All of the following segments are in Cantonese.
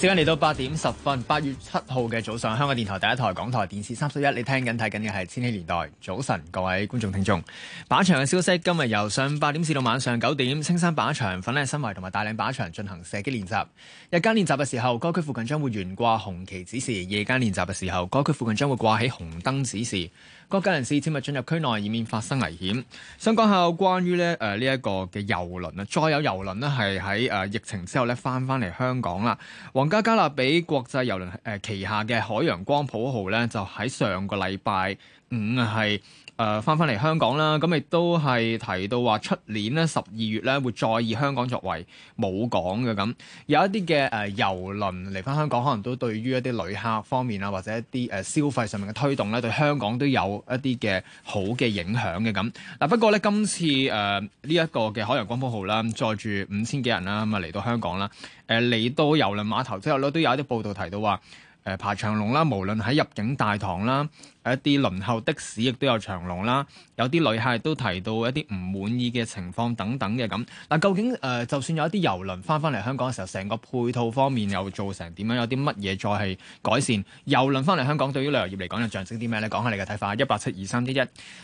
時間嚟到八點十分，八月七號嘅早上，香港電台第一台、港台電視三十一，你聽緊睇緊嘅係《千禧年代》早晨，各位觀眾聽眾。靶場嘅消息，今日由上午八點至到晚上九點，青山靶場、粉嶺新圍同埋大嶺靶場進行射擊練習。日間練習嘅時候，該區附近將會懸掛紅旗指示；夜間練習嘅時候，該區附近將會掛起紅燈指示。各界人士切勿進入區內，以免發生危險。想講下關於咧誒呢一個嘅遊輪啊，再有遊輪咧係喺誒疫情之後咧翻翻嚟香港啦。皇家加勒比國際遊輪誒旗下嘅海洋光譜號咧就喺上個禮拜五係。誒翻翻嚟香港啦，咁亦都係提到話，出年呢十二月呢會再以香港作為母港嘅。咁，有一啲嘅誒郵輪嚟翻香港，可能都對於一啲旅客方面啊，或者一啲消費上面嘅推動呢，對香港都有一啲嘅好嘅影響嘅。咁。嗱不過呢，今次誒呢一個嘅海洋光波號啦，載住五千幾人啦，咁啊嚟到香港啦，誒嚟到郵輪碼頭之後呢，都有一啲報道提到話。誒排長龍啦，無論喺入境大堂啦，一啲輪候的士亦都有長龍啦，有啲旅客都提到一啲唔滿意嘅情況等等嘅咁。嗱，究竟誒、呃、就算有一啲郵輪翻翻嚟香港嘅時候，成個配套方面又做成點樣？有啲乜嘢再係改善？郵輪翻嚟香港對於旅遊業嚟講又象徵啲咩呢？講下你嘅睇法。一八七二三一一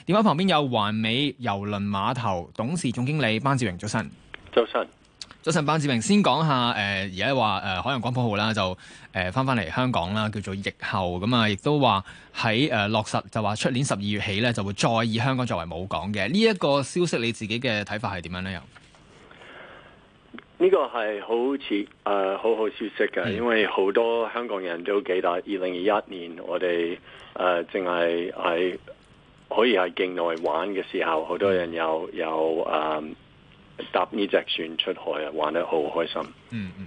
電話旁邊有環美郵輪碼頭董事總經理班智榮，早晨。早晨。早晨，班智榮先講下，誒而家話誒海洋光譜號啦，就誒翻翻嚟香港啦，叫做疫後咁啊，亦都話喺誒落實，就話出年十二月起咧就會再以香港作為母港嘅呢一個消息，你自己嘅睇法係點樣咧？又、這、呢個係好似誒好好消息嘅，因為好多香港人都記得二零二一年我哋誒淨係喺可以喺境內玩嘅時候，好多人有有誒。呃搭呢隻船出海啊，玩得好開心！嗯嗯，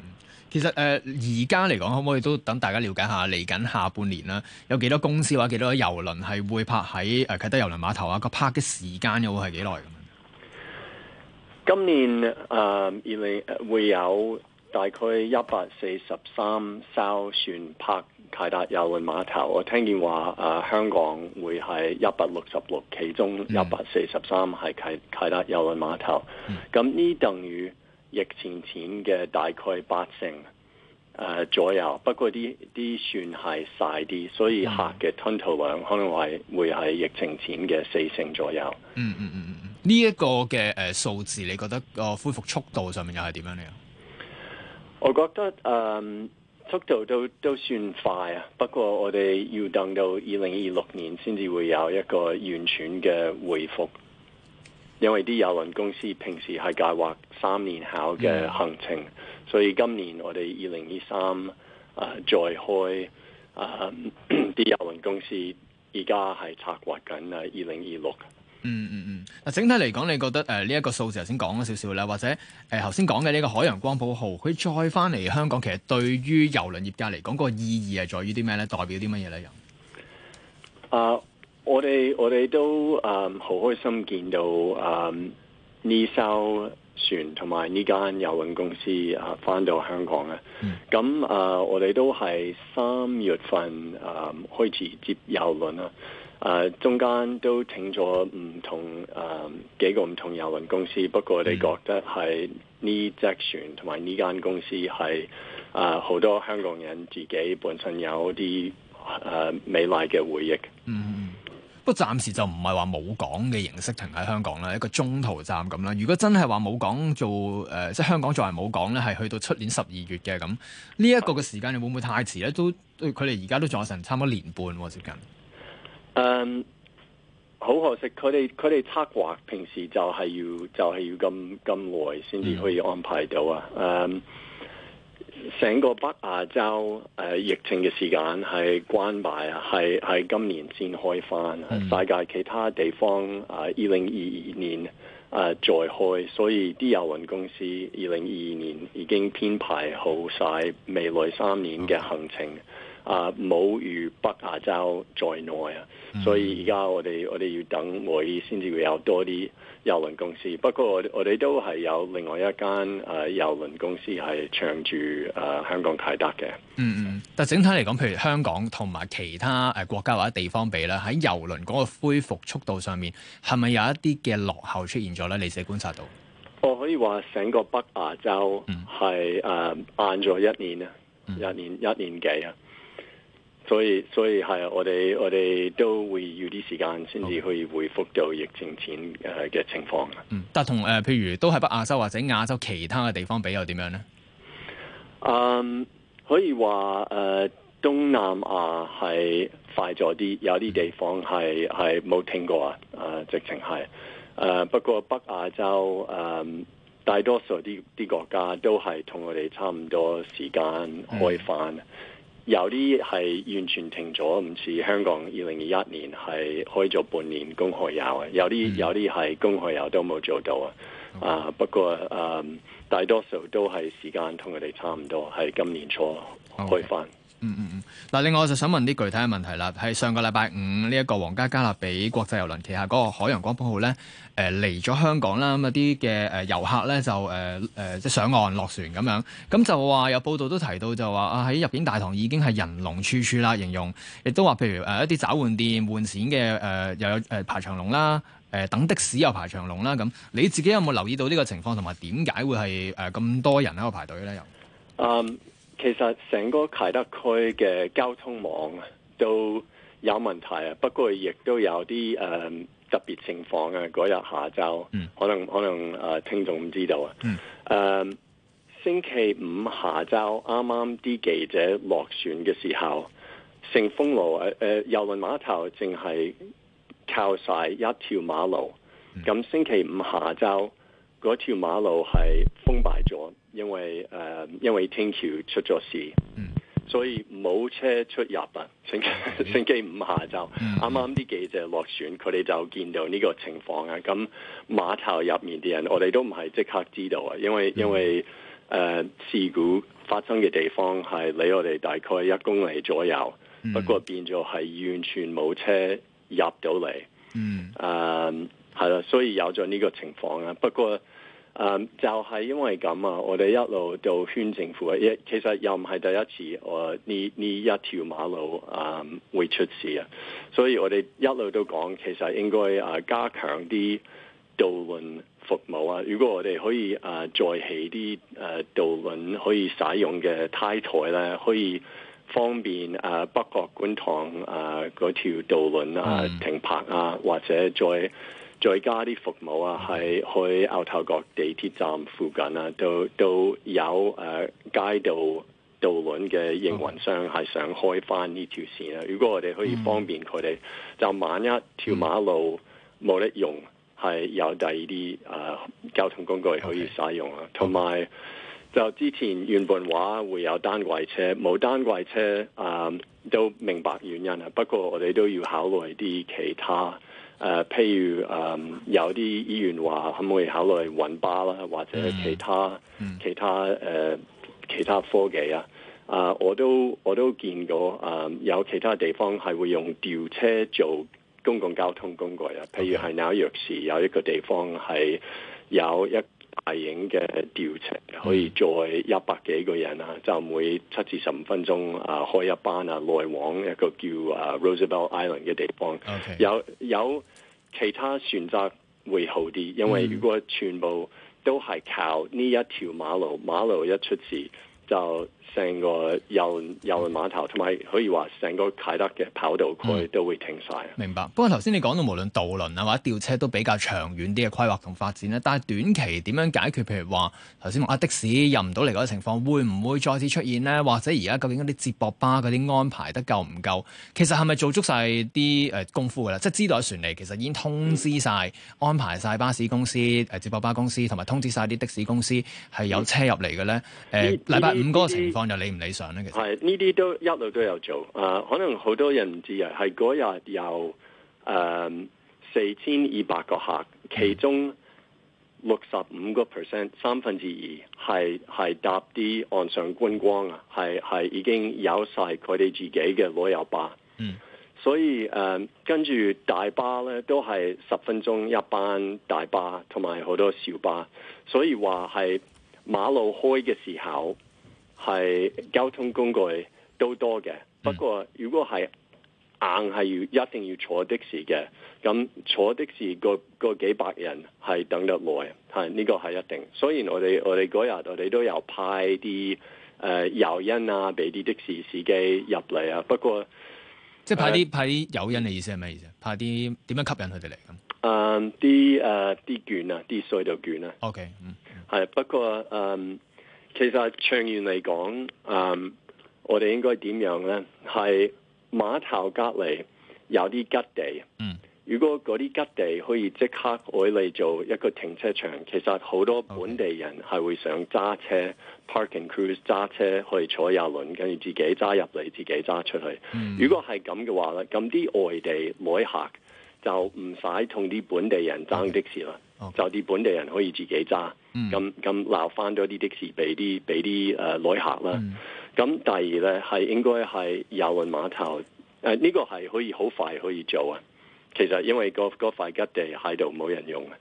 其實誒，而家嚟講可唔可以都等大家了解下，嚟緊下，下半年啦，有幾多公司或者幾多遊輪係會泊喺誒啟德遊輪碼頭啊？個泊嘅時間又會係幾耐？今年誒原嚟會有。大概一百四十三艘船泊啟德郵輪碼頭。我聽見話，誒、呃，香港會係一百六十六，其中一百四十三係啟啟德郵輪碼頭。咁、嗯、呢，等於疫情前嘅大概八成誒、呃、左右。不過啲啲船係細啲，所以客嘅吞吐量可能係會係疫情前嘅四成左右。嗯嗯嗯嗯呢一、這個嘅誒數字，你覺得個、呃、恢復速度上面又係點樣咧？我覺得誒，um, 速度都都算快啊，不過我哋要等到二零二六年先至會有一個完全嘅回復，因為啲郵輪公司平時係計劃三年後嘅行程，yeah. 所以今年我哋二零二三誒再開，誒、呃、啲郵輪公司而家係策劃緊啊二零二六。嗯嗯嗯，嗱、嗯，整體嚟講，你覺得誒呢一個數字頭先講咗少少啦，或者誒頭先講嘅呢個海洋光譜號，佢再翻嚟香港，其實對於郵輪業界嚟講、個意義係在於啲咩咧？代表啲乜嘢咧？又、uh, 啊，我哋我哋都啊好開心見到呢、um, 艘船同埋呢間郵輪公司啊翻到香港咁、mm. uh, 我哋都係三月份啊、um, 開始接郵輪誒中間都請咗唔同誒、呃、幾個唔同郵輪公司，不過我哋覺得係呢隻船同埋呢間公司係誒好多香港人自己本身有啲誒、呃、美麗嘅回憶。嗯，不過暫時就唔係話母港嘅形式停喺香港啦，一個中途站咁啦。如果真係話母港做誒、呃，即係香港作為母港咧，係去到出年十二月嘅咁，呢一個嘅時間會唔會太遲咧？都佢哋而家都仲有成差唔多年半喎、啊，最近。嗯，好可惜，佢哋佢哋策劃平時就係要就係、係、要咁咁耐先至可以安排到啊！嗯，成個北亞洲誒、啊、疫情嘅時間係關閉啊，係係今年先開翻，mm-hmm. 世界其他地方啊二零二二年，誒、啊、再開，所以啲郵輪公司二零二二年已經編排好晒未來三年嘅行程。Mm-hmm. 啊，冇如北亞洲在內啊，所以而家我哋我哋要等會先至會有多啲郵輪公司。不過我哋都係有另外一間誒郵、啊、輪公司係長住誒、啊、香港泰達嘅。嗯嗯，但整體嚟講，譬如香港同埋其他誒國家或者地方比啦，喺郵輪嗰個恢復速度上面，係咪有一啲嘅落後出現咗咧？你自己觀察到？我可以話成個北亞洲係誒晏咗一年啊、嗯，一年一年幾啊？所以所以係我哋我哋都會要啲時間先至去回復到疫情前誒嘅情況。嗯，但同誒、呃、譬如都係北亞洲或者亞洲其他嘅地方比較點樣咧？um, 呃？嗯，可以話誒東南亞係快咗啲，有啲地方係係冇聽過啊。誒、呃，直情係誒，不過北亞洲誒、呃，大多數啲啲國家都係同我哋差唔多時間開翻。嗯有啲係完全停咗，唔似香港二零二一年係開咗半年公海遊、嗯 okay. 啊！有啲有啲係公海遊都冇做到啊！啊不過誒，大多數都係時間同佢哋差唔多，係今年初開返。Okay. 嗯嗯嗯，嗱、嗯，另外我就想問啲具體嘅問題啦。係上個禮拜五呢一、這個皇家加勒比國際遊輪旗下嗰個海洋光譜號咧，誒嚟咗香港啦，咁啊啲嘅誒遊客咧就誒誒即係上岸落船咁樣，咁就話有報道都提到就話啊喺入境大堂已經係人龍處處啦，形容亦都話譬如誒一啲找換店換錢嘅誒又有誒排長龍啦，誒、呃、等的士又排長龍啦咁。你自己有冇留意到呢個情況同埋點解會係誒咁多人喺度排隊咧？又嗯。其實成個啟德區嘅交通網都有問題啊，不過亦都有啲誒、嗯、特別情況啊。嗰日下晝、mm.，可能可能誒聽眾唔知道啊、mm. 嗯。星期五下晝啱啱啲記者落船嘅時候，承豐路誒誒郵輪碼頭淨係靠晒一條馬路。咁、mm. 星期五下晝嗰條馬路係封閉咗。因為誒、呃，因為天橋出咗事，嗯，所以冇車出入啊。星期星期五下晝，啱啱啲記者落船，佢哋就見到呢個情況啊。咁碼頭入面啲人，我哋都唔係即刻知道啊。因為、嗯、因為誒、呃，事故發生嘅地方係離我哋大概一公里左右，嗯、不過變咗係完全冇車入到嚟。嗯，誒、嗯，係啦，所以有咗呢個情況啊。不過，誒、嗯、就係、是、因為咁啊，我哋一路都勸政府啊，一其實又唔係第一次，我呢呢一,一條馬路啊、嗯、會出事啊，所以我哋一路都講，其實應該誒加強啲渡輪服務啊。如果我哋可以誒再起啲誒渡輪可以使用嘅梯台咧，可以方便誒北角觀塘、誒嗰條渡輪啊停泊啊、嗯，或者再。再加啲服務啊，喺去牛頭角地鐵站附近啊，都都有誒、啊、街道渡輪嘅營運商係想開翻呢條線啊。如果我哋可以方便佢哋、嗯，就萬一條馬路冇得用，係、嗯、有第二啲誒交通工具可以使用啊。同、okay. 埋就之前原本話會有單軌車，冇單軌車啊都明白原因啊。不過我哋都要考慮啲其他。誒、呃，譬如誒、嗯，有啲醫院話可唔可以考慮雲巴啦，或者其他、mm-hmm. 其他、呃、其他科技啊？啊、呃，我都我都見過、呃、有其他地方係會用吊車做公共交通工具啊。譬如喺紐約市有一個地方係有一。大影嘅調情可以載一百幾個人啦，mm. 就每七至十五分鐘啊開一班啊，來往一個叫啊 Roosevelt Island 嘅地方。Okay. 有有其他選擇會好啲，因為如果全部都係靠呢一條馬路，馬路一出事就。成個郵輪碼頭，同、嗯、埋可以話成個啟德嘅跑道區都會停晒、嗯。明白。不過頭先你講到無論渡輪啊，或者吊車都比較長遠啲嘅規劃同發展咧。但係短期點樣解決？譬如話頭先話的士入唔到嚟嗰啲情況，會唔會再次出現呢？或者而家究竟嗰啲接駁巴嗰啲安排得夠唔夠？其實係咪做足晒啲誒功夫㗎咧？即係知道有船嚟，其實已經通知晒安排晒巴士公司、誒、呃、接駁巴公司，同埋通知晒啲的士公司係有車入嚟嘅咧。誒禮拜五嗰個情況。呃呃呃又理唔理想咧？其實係呢啲都一路都有做。誒、呃，可能好多人唔知啊。係嗰日有誒四千二百個客，其中六十五個 percent，三分之二係係搭啲岸上觀光啊，係係已經有晒佢哋自己嘅旅遊巴。嗯，所以誒跟住大巴咧都係十分鐘一班大巴，同埋好多小巴，所以話係馬路開嘅時候，係交通工具都多嘅，不過如果係硬係要一定要坐的士嘅，咁坐的士個個幾百人係等得耐，係呢、這個係一定。所以我哋我哋嗰日我哋都有派啲誒誘因啊，俾啲的士司機入嚟啊。不過即係派啲派啲誘因嘅意思係咩意思？派啲點樣吸引佢哋嚟咁？嗯，啲誒啲券啊，啲隧道券啊。OK，mm-hmm. 嗯，係不過嗯。其實長遠嚟講，嗯，um，我哋應該點樣呢？係碼頭隔離有啲吉地，嗯，如果嗰啲吉地可以即刻攞嚟做一個停車場，其實好多本地人係會想揸車 parking cruise 揸車去坐遊輪，跟住自己揸入嚟，自己揸出去。如果係咁嘅話咧，咁啲外地旅客，就唔使同啲本地人爭的士啦，Okay. Okay. 就啲本地人可以自己揸，咁咁留翻多啲的士俾啲俾啲誒旅客啦。咁、mm. 第二咧，係應該係郵輪碼頭，誒、呃、呢、這個係可以好快可以做啊。其實因為、那個嗰塊吉地喺度冇人用啊。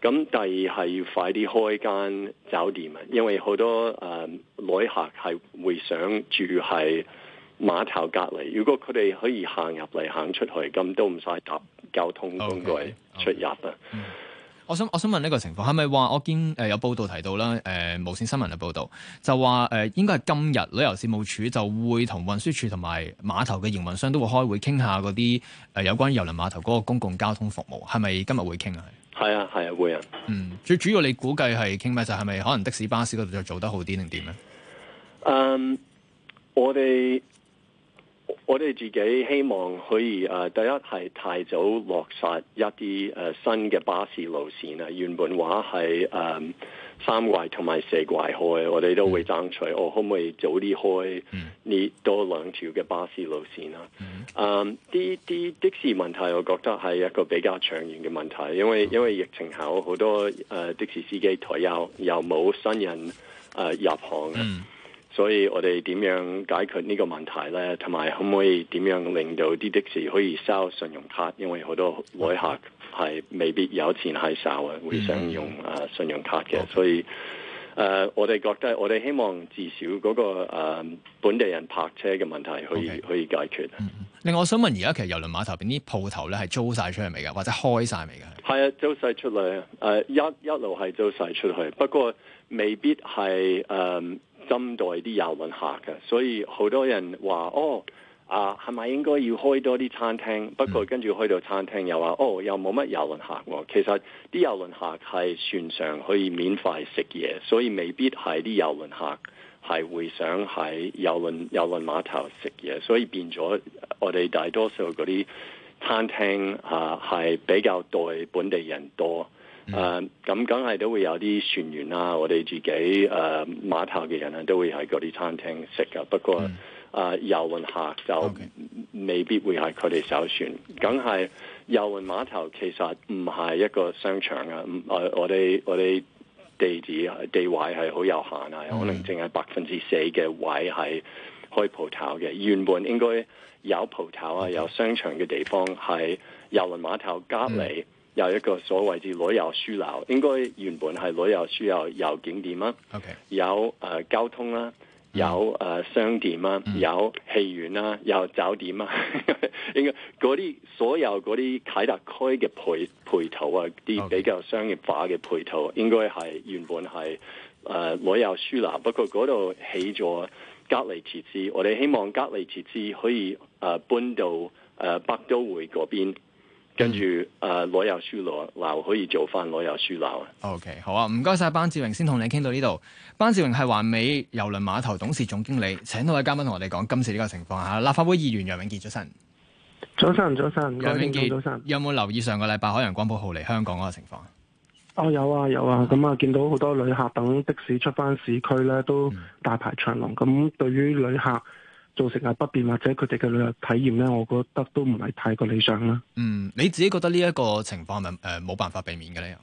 咁、mm. 第二係要快啲開間酒店啊，因為好多誒旅、呃、客係會想住喺碼頭隔籬，如果佢哋可以行入嚟行出去，咁都唔使搭。交通工具出入啊，okay. okay. mm-hmm. 我想我想問呢個情況，係咪話我見誒、呃、有報道提到啦？誒、呃、無綫新聞嘅報道就話誒、呃、應該係今日旅遊事務處就會同運輸處同埋碼頭嘅營運商都會開會傾下嗰啲誒有關於郵輪碼頭嗰個公共交通服務，係咪今日會傾啊？係啊係啊會啊！嗯，最主要你估計係傾咩？就係、是、咪可能的士巴士嗰度就做得好啲定點咧？嗯，um, 我哋。我哋自己希望可以第一係太早落實一啲、啊、新嘅巴士路線啊。原本話係、嗯、三季同埋四季開，我哋都會爭取我可唔可以早啲開呢多兩條嘅巴士路線啊？嗯，啲、嗯、啲的士問題，我覺得係一個比較長遠嘅問題，因為因為疫情後好多的士司機退休，又冇新人、啊、入行。嗯所以我哋點樣解決呢個問題咧？同埋可唔可以點樣令到啲的士可以收信用卡？因為好多旅客係未必有錢係收啊，會想用啊信用卡嘅。Okay. 所以誒、呃，我哋覺得我哋希望至少嗰、那個、呃、本地人泊車嘅問題可以、okay. 可以解決。另外，我想問而家其實遊輪碼頭邊啲鋪頭咧係租晒出去未㗎？或者開晒未㗎？係啊，租晒出嚟誒、呃，一一路係租晒出去，不過未必係誒。呃針對啲郵輪客嘅，所以好多人話：哦啊，係咪應該要開多啲餐廳？不過跟住開到餐廳又話：哦，又冇乜郵輪客。其實啲郵輪客係船上可以免費食嘢，所以未必係啲郵輪客係會想喺郵輪郵輪碼頭食嘢。所以變咗我哋大多數嗰啲餐廳啊，係比較對本地人多。誒、嗯、咁，梗、uh, 係都會有啲船員啦、啊，我哋自己誒碼、呃、頭嘅人咧、啊，都會喺嗰啲餐廳食嘅。不過，啊、嗯呃、遊輪客就、okay. 未必會係佢哋首選。梗係遊輪碼頭其實唔係一個商場啊！誒、呃，我哋我哋地址地，地位係好有限啊，okay. 可能淨係百分之四嘅位係開鋪頭嘅。原本應該有鋪頭啊，okay. 有商場嘅地方喺遊輪碼頭隔籬、嗯。有一個所謂之旅遊樞紐，應該原本係旅遊樞紐，有景點啊、okay. 呃，有誒交通啦，有、mm. 誒、呃、商店啊，mm. 有戲院啦，有酒店啊， 應該嗰啲所有嗰啲啟德區嘅配配套啊，啲比較商業化嘅配套，應該係、okay. 原本係誒、呃、旅遊樞紐，不過嗰度起咗隔離設施，我哋希望隔離設施可以誒搬到誒北、呃、都會嗰邊。跟住，誒攞油輸攞鬧，可以做翻攞油輸鬧啊！OK，好啊，唔該晒。班智榮，先同你傾到呢度。班智榮係環美郵輪碼頭董事總經理，請到位嘉賓同我哋講今次呢個情況嚇。立法會議員楊永杰早晨，早晨，早晨，楊永杰早晨。有冇留意上個禮拜海洋光譜號嚟香港嗰個情況？哦，有啊，有啊，咁啊，見到好多旅客等的士出翻市區咧，都大排長龍。咁對於旅客。嗯造成啊不便或者佢哋嘅旅遊體驗咧，我覺得都唔係太過理想啦。嗯，你自己覺得呢一個情況係咪誒冇辦法避免嘅咧？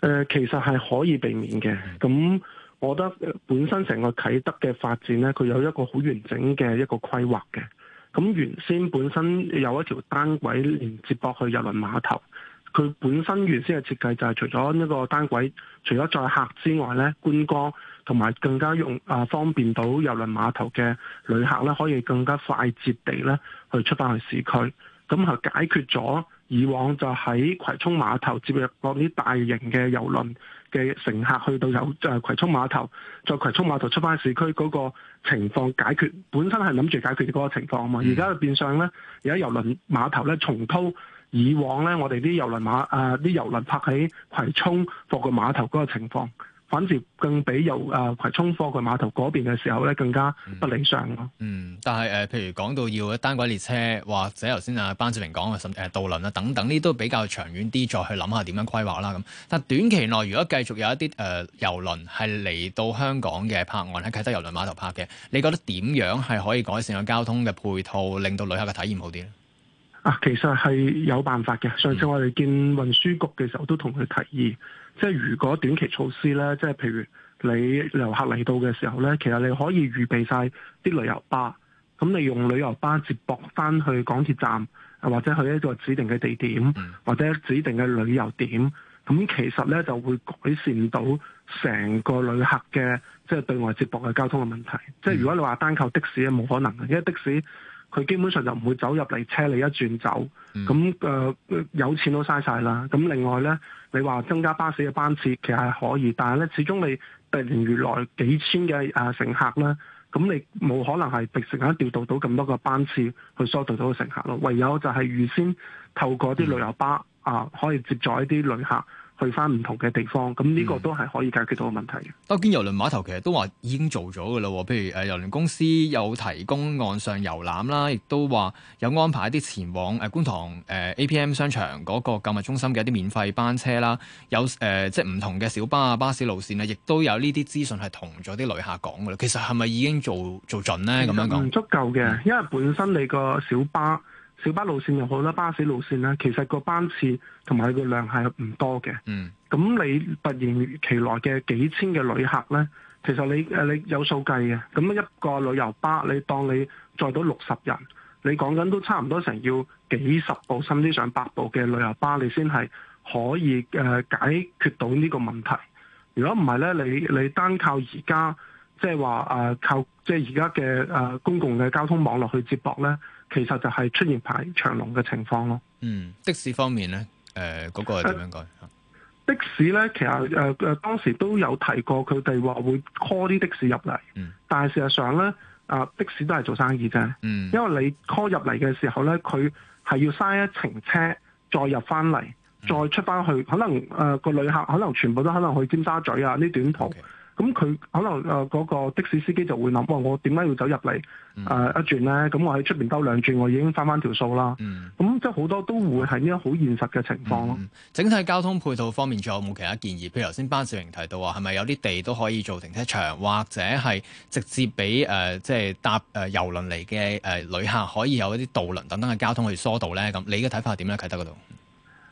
誒、呃，其實係可以避免嘅。咁、嗯，那我覺得本身成個啟德嘅發展咧，佢有一個好完整嘅一個規劃嘅。咁原先本身有一條單軌連接駁去郵輪碼頭。佢本身原先嘅設計就係除咗一個單軌，除咗載客之外咧，觀光同埋更加用啊、呃、方便到郵輪碼頭嘅旅客咧，可以更加快捷地咧去出翻去市區。咁就解決咗以往就喺葵涌碼頭接入嗰啲大型嘅郵輪嘅乘客去到有啊、就係、葵涌碼頭，再葵涌碼頭出翻市區嗰個情況解決。本身係諗住解決嗰個情況嘛，嗯、而家變相咧，而家郵輪碼頭咧重鋪。以往咧，我哋啲郵輪碼啲郵輪泊喺葵涌貨櫃碼頭嗰個情況，反而更比由啊葵涌貨櫃碼頭嗰邊嘅時候咧更加不理想咯、嗯。嗯，但係、呃、譬如講到要單軌列車，或者頭先阿班智榮講嘅甚至係渡輪啊等等，呢都比較長遠啲，再去諗下點樣規劃啦咁。但短期內，如果繼續有一啲誒郵輪係嚟到香港嘅泊岸喺啟德郵輪碼頭泊嘅，你覺得點樣係可以改善個交通嘅配套，令到旅客嘅體驗好啲咧？啊，其實係有辦法嘅。上次我哋見運輸局嘅時候，都同佢提議，即係如果短期措施呢，即係譬如你遊客嚟到嘅時候呢，其實你可以預備晒啲旅遊巴，咁你用旅遊巴接駁翻去港鐵站，或者去一個指定嘅地點，或者指定嘅旅遊點，咁其實呢就會改善到成個旅客嘅即係對外接駁嘅交通嘅問題。嗯、即係如果你話單靠的士咧，冇可能嘅，因為的士。佢基本上就唔會走入嚟車你一轉走，咁、嗯、誒、呃、有錢都嘥晒啦。咁另外咧，你話增加巴士嘅班次其實係可以，但係咧始終你突然如來幾千嘅誒乘客啦，咁你冇可能係成日調度到咁多個班次去疏導到個乘客咯。唯有就係預先透過啲旅遊巴、嗯、啊，可以接載一啲旅客。去翻唔同嘅地方，咁、嗯、呢、這個都係可以解決到個問題嘅。但我見郵輪碼頭其實都話已經做咗㗎啦，譬如誒郵輪公司有提供岸上遊覽啦，亦都話有安排一啲前往誒、呃、觀塘、呃、A P M 商場嗰個購物中心嘅一啲免費班車啦，有、呃、即係唔同嘅小巴啊巴士路線咧，亦都有呢啲資訊係同咗啲旅客講㗎啦。其實係咪已經做做盡咧？咁樣講唔足夠嘅、嗯，因為本身你個小巴。小巴路線又好啦，巴士路線啦，其實個班次同埋個量係唔多嘅。嗯，咁你突然其來嘅幾千嘅旅客咧，其實你誒你有數計嘅。咁一個旅遊巴，你當你載到六十人，你講緊都差唔多成要幾十部，甚至上百部嘅旅遊巴，你先係可以誒解決到呢個問題。如果唔係咧，你你單靠而家即係話誒靠即係而家嘅誒公共嘅交通網絡去接駁咧，其實就係出現排長龍嘅情況咯。嗯，的士方面咧，誒、呃，嗰個係點樣講、啊？的士咧，其實誒誒、呃，當時都有提過，佢哋話會 call 啲的士入嚟。嗯。但係事實上咧，啊，的士都係做生意啫。嗯。因為你 call 入嚟嘅時候咧，佢係要嘥一程車，再入翻嚟，再出翻去。嗯。可能誒，呃，嗰個旅客可能全部都可能去尖沙咀啊，呢短途。Okay. 咁佢可能嗰個的士司機就會諗，哇，我點解要走入嚟、呃、一轉咧？咁我喺出面兜兩轉，我已經翻翻條數啦。咁即好多都會係呢啲好現實嘅情況咯、嗯。整體交通配套方面，仲有冇其他建議？譬如頭先班智榮提到話，係咪有啲地都可以做停車場，或者係直接俾即係搭誒郵輪嚟嘅、呃、旅客可以有一啲渡輪等等嘅交通去疏導咧？咁你嘅睇法係點咧？啟德嗰度？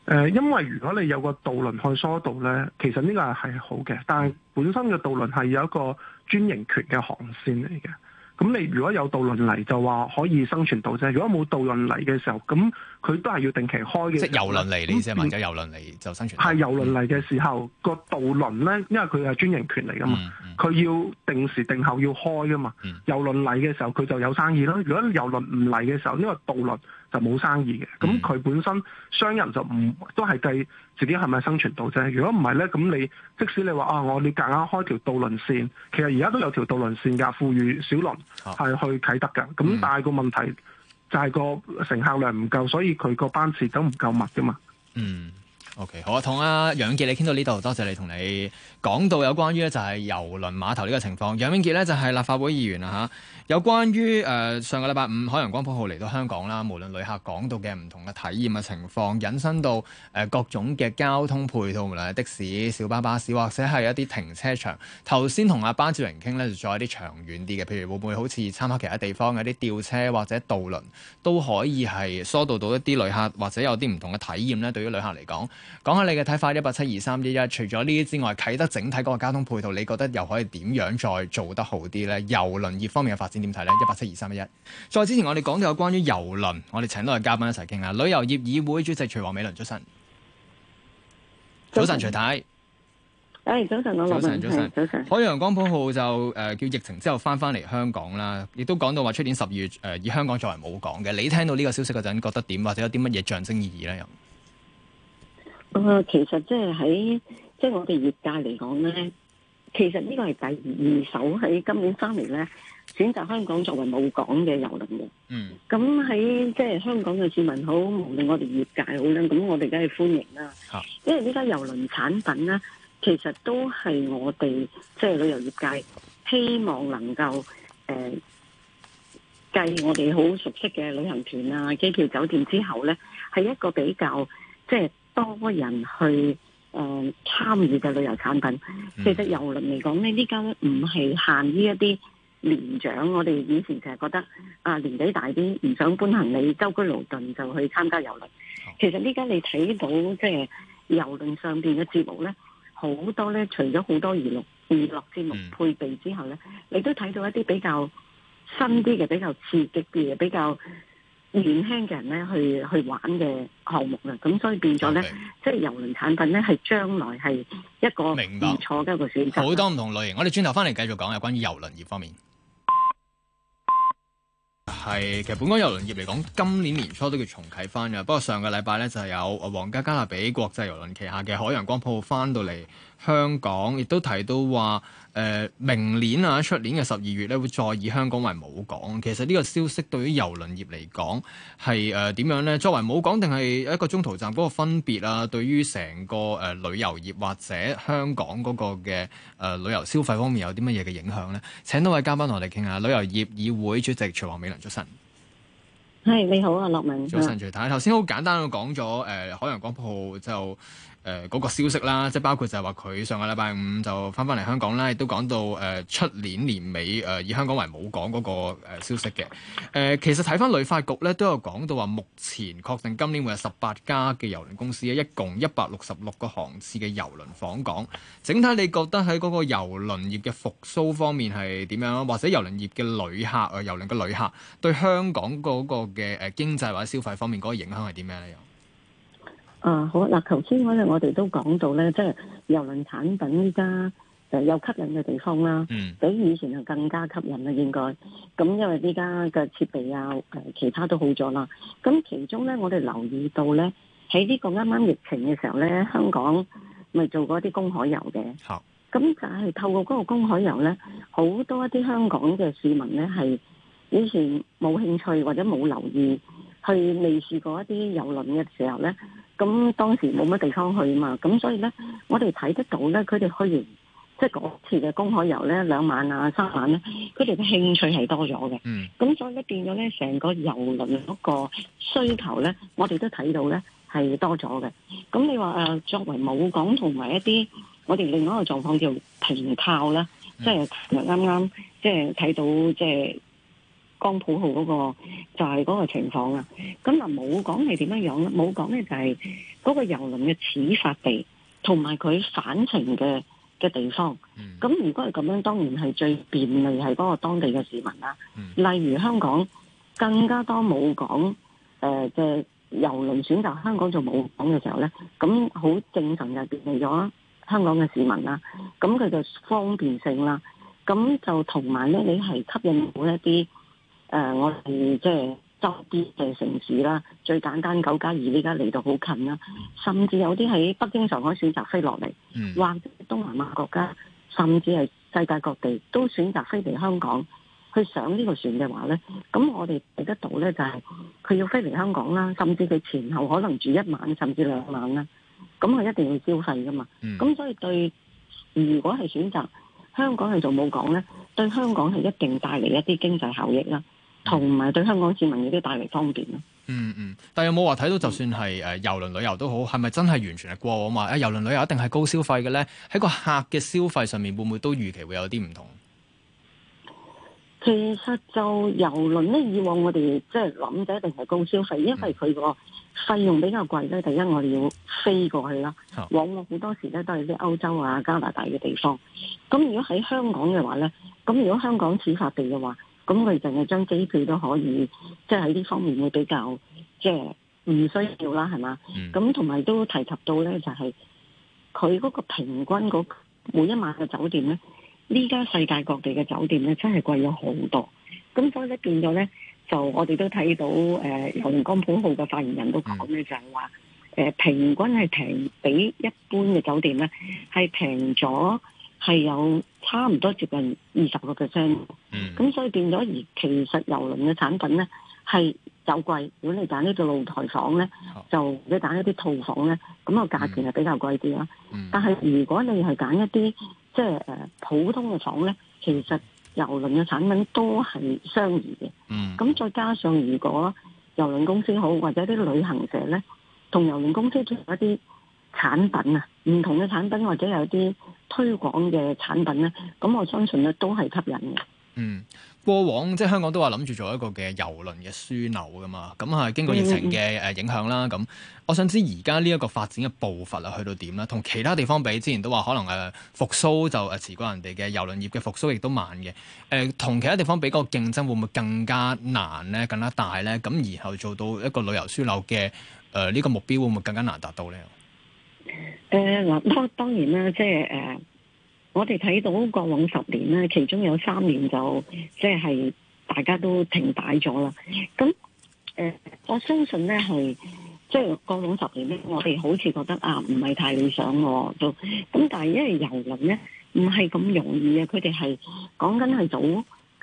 誒，因為如果你有個渡輪去疏導咧，其實呢個係好嘅。但係本身嘅渡輪係有一個專營權嘅航線嚟嘅。咁你如果有渡輪嚟就話可以生存到啫。如果冇渡輪嚟嘅時候，咁佢都係要定期開嘅。即係郵輪嚟，你意思係問緊郵輪嚟就生存。係郵輪嚟嘅時候，個渡輪咧，因為佢係專營權嚟噶嘛，佢、嗯嗯、要定時定候要開噶嘛。郵輪嚟嘅時候，佢就有生意啦。如果郵輪唔嚟嘅時候，呢、這個渡輪。就冇生意嘅，咁佢本身商人就唔都係計自己係咪生存到啫。如果唔係咧，咁你即使你話啊、哦，我你夾硬開條渡輪線，其實而家都有條渡輪線噶，富裕小輪係去啟德嘅。咁但係個問題就係個乘客量唔夠，所以佢個班次都唔夠密㗎嘛。嗯。OK，好啊，同阿楊永杰你傾到呢度，多謝你同你講到有關於呢，就係郵輪碼頭呢個情況。楊永杰呢，就係立法會議員啦嚇。有關於、呃、上個禮拜五海洋光譜號嚟到香港啦，無論旅客講到嘅唔同嘅體驗嘅情況，引申到、呃、各種嘅交通配套啦，無論係的士、小巴、巴士，或者係一啲停車場。頭先同阿班智榮傾呢，就再一啲長遠啲嘅，譬如會唔會好似參考其他地方嘅一啲吊車或者渡輪，都可以係疏導到，到一啲旅客，或者有啲唔同嘅體驗呢。對於旅客嚟講。講下你嘅睇法，一八七二三一一。除咗呢啲之外，啟德整體嗰個交通配套，你覺得又可以點樣再做得好啲呢？郵輪業方面嘅發展點睇呢？一八七二三一一。再之前我哋講到有關於郵輪，我哋請到嘅嘉賓一齊傾下。旅遊業議會主席徐王美倫早晨，早晨徐太。早晨，早晨，早晨，早晨。海洋光譜號就誒、呃、叫疫情之後翻翻嚟香港啦，亦都講到話出年十二月誒、呃、以香港作為母港嘅。你聽到呢個消息嗰陣覺得點，或者有啲乜嘢象徵意義呢？誒、呃，其實即係喺即係我哋業界嚟講咧，其實呢個係第二艘喺今年返嚟咧，選擇香港作為母港嘅郵輪嘅。嗯，咁喺即係香港嘅市民好，無論我哋業界好咧，咁我哋梗係歡迎啦。啊、因為而家郵輪產品咧，其實都係我哋即係旅遊業界希望能夠誒繼我哋好熟悉嘅旅行團啊、機票、酒店之後咧，係一個比較即係。就是多人去誒、呃、參與嘅旅遊產品，即係啲遊輪嚟講咧，呢家唔係限於一啲年長。我哋以前就係覺得啊，年紀大啲唔想搬行李、舟車勞頓就去參加遊輪。其實呢家你睇到即係遊輪上邊嘅節目呢，好多呢除咗好多娛樂娛樂節目配備之後呢，你都睇到一啲比較新啲嘅、比較刺激嘅嘢、比較。年輕嘅人咧去去玩嘅項目啦，咁所以變咗咧，Okay. 即係郵輪產品咧係將來係一個唔錯嘅一個選擇。好多唔同類型，我哋轉頭翻嚟繼續講有關於郵輪業方面。係， 其實本港郵輪業嚟講，今年年初都要重啟翻嘅，不過上個禮拜咧就有皇家加，加勒比國際郵輪旗下嘅海洋光譜翻到嚟。香港亦都提到話，誒、呃、明年啊，出年嘅十二月咧，會再以香港為母港。其實呢個消息對於郵輪業嚟講係誒點樣呢？作為母港定係一個中途站嗰個分別啊？對於成個誒、呃、旅遊業或者香港嗰個嘅誒、呃、旅遊消費方面有啲乜嘢嘅影響呢？請多位嘉賓同我哋傾下。旅遊業議會主席徐王美倫早晨。係你好啊，樂文。早晨，徐、啊、太。頭先好簡單講咗誒、呃、海洋廣鋪就。誒、呃、嗰、那個消息啦，即係包括就係話佢上個禮拜五就翻翻嚟香港啦，亦都講到誒出、呃、年年尾誒、呃、以香港為母港嗰個消息嘅。誒、呃、其實睇翻旅發局咧都有講到話，目前確定今年會有十八家嘅郵輪公司，一共一百六十六個航次嘅郵輪訪港。整體你覺得喺嗰個郵輪業嘅復甦方面係點樣？或者郵輪業嘅旅客啊，郵、呃、輪嘅旅客對香港嗰個嘅誒經濟或者消費方面嗰個影響係點樣咧？啊，好嗱、啊！頭先我哋都講到咧，即係郵輪產品依家誒有吸引嘅地方啦、嗯，比以前就更加吸引啦應該。咁因為依家嘅設備啊、呃、其他都好咗啦。咁其中咧，我哋留意到咧，喺呢個啱啱疫情嘅時候咧，香港咪做過啲公海遊嘅。好，咁就係透過嗰個公海遊咧，好多一啲香港嘅市民咧係以前冇興趣或者冇留意。去未試過一啲郵輪嘅時候咧，咁當時冇乜地方去嘛，咁所以咧，我哋睇得到咧，佢哋去完即係嗰次嘅公海遊咧，兩晚啊三晚咧，佢哋嘅興趣係多咗嘅。嗯，咁所以咧，變咗咧，成個郵輪嗰個需求咧，我哋都睇到咧係多咗嘅。咁你話、呃、作為母港同埋一啲我哋另外一個狀況叫停靠啦，即係啱啱即係睇到即係。就是江浦號嗰、那個就係、是、嗰個情況啊，咁嗱母港係點樣樣咧？母港咧就係嗰個遊輪嘅始發地同埋佢返程嘅嘅地方。咁如果係咁樣，當然係最便利係嗰個當地嘅市民啦、嗯。例如香港更加多母港誒嘅遊輪選擇香港做母港嘅時候咧，咁好正常就便利咗香港嘅市民啦。咁佢就方便性啦，咁就同埋咧你係吸引到一啲。誒、呃，我哋即係周啲嘅城市啦，最簡單九加二，呢家嚟到好近啦。甚至有啲喺北京、上海選擇飛落嚟，或者東南亞國家，甚至係世界各地都選擇飛嚟香港去上呢個船嘅話呢，咁我哋嚟得到呢就係佢要飛嚟香港啦，甚至佢前後可能住一晚甚至兩晚啦，咁佢一定要消費噶嘛。咁所以對，如果係選擇香港係做母港呢，對香港係一定帶嚟一啲經濟效益啦。同埋對香港市民亦都帶嚟方便咯。嗯嗯，但係有冇話睇到就算係誒郵輪旅遊都好，係咪真係完全係過往啊嘛？郵輪旅遊一定係高消費嘅咧，喺個客嘅消費上面會唔會都預期會有啲唔同？其實就郵輪咧，以往我哋即係諗就一定係高消費，因為佢個費用比較貴咧。第一，我哋要飛過去啦、嗯，往往好多時咧都係啲歐洲啊、加拿大嘅地方。咁如果喺香港嘅話咧，咁如果香港始發地嘅話。咁佢淨係張機票都可以，即係喺呢方面會比較即係唔需要啦，係嘛？咁同埋都提及到咧、就是，就係佢嗰個平均嗰每一晚嘅酒店咧，呢間世界各地嘅酒店咧真係貴咗好多。咁所以呢，變咗咧，就我哋都睇到誒陽、呃、光譜號嘅發言人都講咧，mm. 就係話、呃、平均係平比一般嘅酒店咧係平咗。係有差唔多接近二十個 percent，咁所以變咗而其實郵輪嘅產品咧係有貴，如果你揀呢個露台房咧，oh. 就你揀一啲套房咧，咁個價錢係比較貴啲啦。Mm-hmm. 但係如果你係揀一啲即係誒普通嘅房咧，其實郵輪嘅產品都係相宜嘅。咁、mm-hmm. 再加上如果郵輪公司好或者啲旅行社咧，同郵輪公司做一啲。產品啊，唔同嘅產品或者有啲推廣嘅產品咧，咁我相信咧都係吸引嘅。嗯，過往即係香港都話諗住做一個嘅郵輪嘅樞紐噶嘛，咁啊經過疫情嘅誒影響啦，咁、嗯、我想知而家呢一個發展嘅步伐啊去到點咧？同其他地方比，之前都話可能誒、呃、復甦就誒遲過人哋嘅郵輪業嘅復甦，亦都慢嘅。誒、呃、同其他地方比，個競爭會唔會更加難咧？更加大咧？咁然後做到一個旅遊樞紐嘅誒呢個目標，會唔會更加難達到咧？誒、呃、嗱，當當然啦，即係誒、呃，我哋睇到過往十年咧，其中有三年就即係大家都停擺咗啦。咁誒、呃，我相信咧係即係過往十年咧，我哋好似覺得啊，唔係太理想喎。咁但係因為郵輪咧，唔係咁容易啊，佢哋係講緊係早，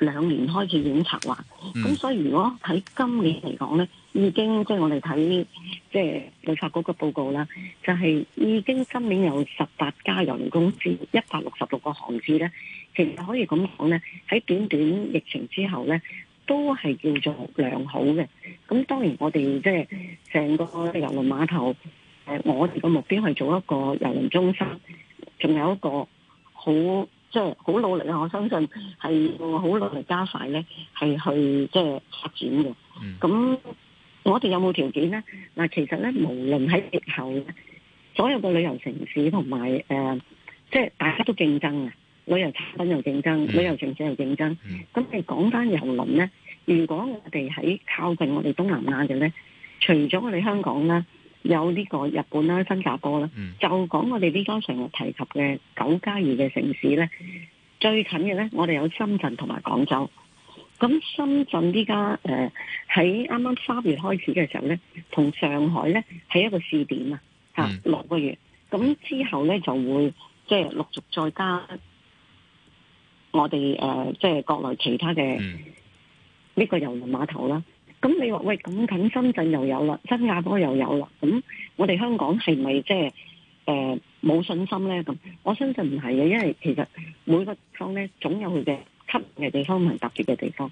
兩年開始演策劃，咁、嗯、所以如果喺今年嚟講呢，已經即係、就是、我哋睇即係旅發局嘅報告啦，就係、是、已經今年有十八家郵輪公司，一百六十六個航次呢。其實可以咁講呢，喺短短疫情之後呢，都係叫做良好嘅。咁當然我哋即係成個郵輪碼頭，誒，我哋嘅目標係做一個郵輪中心，仲有一個好。即係好努力啊！我相信係好努力加快咧，係去即係發展嘅。咁我哋有冇條件咧？嗱，其實咧，無論喺疫後所有嘅旅遊城市同埋誒，即係大家都競爭啊！旅遊產品又競爭，旅遊城市又競爭。咁你講翻遊輪咧，如果我哋喺靠近我哋東南亞嘅咧，除咗我哋香港啦。有呢個日本啦、新加坡啦，就講我哋呢間成日提及嘅九加二嘅城市咧，最近嘅咧，我哋有深圳同埋廣州。咁深圳呢家誒喺啱啱三月開始嘅時候咧，同上海咧係一個試點啊，嚇、嗯、六個月。咁之後咧就會即係陸續再加我哋誒，即、呃、係、就是、國內其他嘅呢個郵輪碼頭啦。咁你話喂咁近深圳又有啦，新加坡又有啦，咁我哋香港係咪即係誒冇信心呢？咁我相信唔係嘅，因為其實每個地方呢，總有佢嘅吸引嘅地方，同埋特別嘅地方。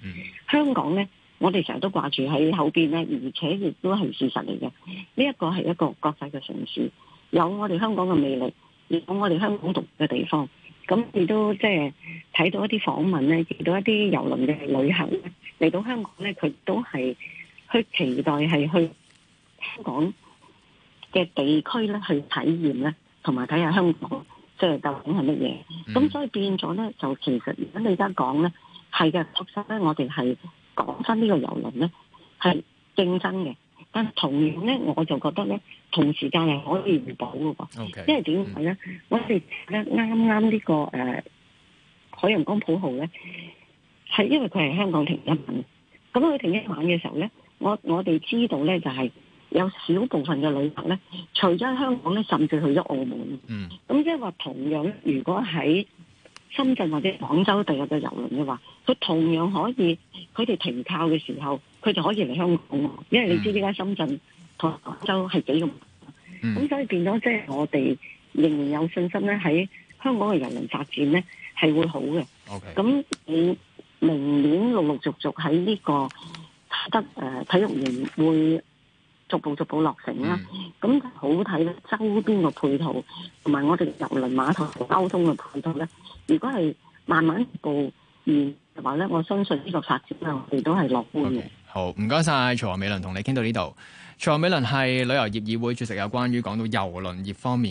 香港呢，我哋成日都掛住喺後邊呢，而且亦都係事實嚟嘅。呢一個係一個國際嘅城市，有我哋香港嘅魅力，亦有我哋香港獨嘅地方。咁亦都即係睇到一啲訪問咧，見到一啲郵輪嘅旅行咧嚟到香港咧，佢都係去期待係去香港嘅地區咧去體驗咧，同埋睇下香港即係究竟係乜嘢。咁、mm. 所以變咗咧，就其實如果你而家講咧，係嘅，確實咧，我哋係講翻呢個郵輪咧係競爭嘅。但同樣咧，我就覺得咧，同時間係可以唔到嘅噃。Okay. 因為點解咧？Mm. 我哋咧啱啱呢個誒海洋光普號咧，係因為佢係香港停一晚。咁佢停一晚嘅時候咧，我我哋知道咧，就係、是、有少部分嘅旅客咧，除咗香港咧，甚至去咗澳門。嗯。咁即係話同樣，如果喺深圳或者廣州第二個郵輪嘅話，佢同樣可以，佢哋停靠嘅時候。佢就可以嚟香港，因為你知呢家深圳和是同廣州係幾咁。咁、嗯，所以變咗即係我哋仍然有信心咧，喺香港嘅郵輪發展咧係會好嘅。咁、okay. 你明年陸,陸陸續續喺呢個啟德體育園會逐步逐步落成啦。咁、嗯、好睇周邊嘅配套同埋我哋郵輪碼頭交通嘅配套咧，如果係慢慢步完。話咧，我相信呢個發展咧，我哋都係樂觀嘅。Okay. 好，唔該曬，徐王美倫同你傾到呢度。徐王美倫係旅遊業議會主席，有關於講到郵輪業方面。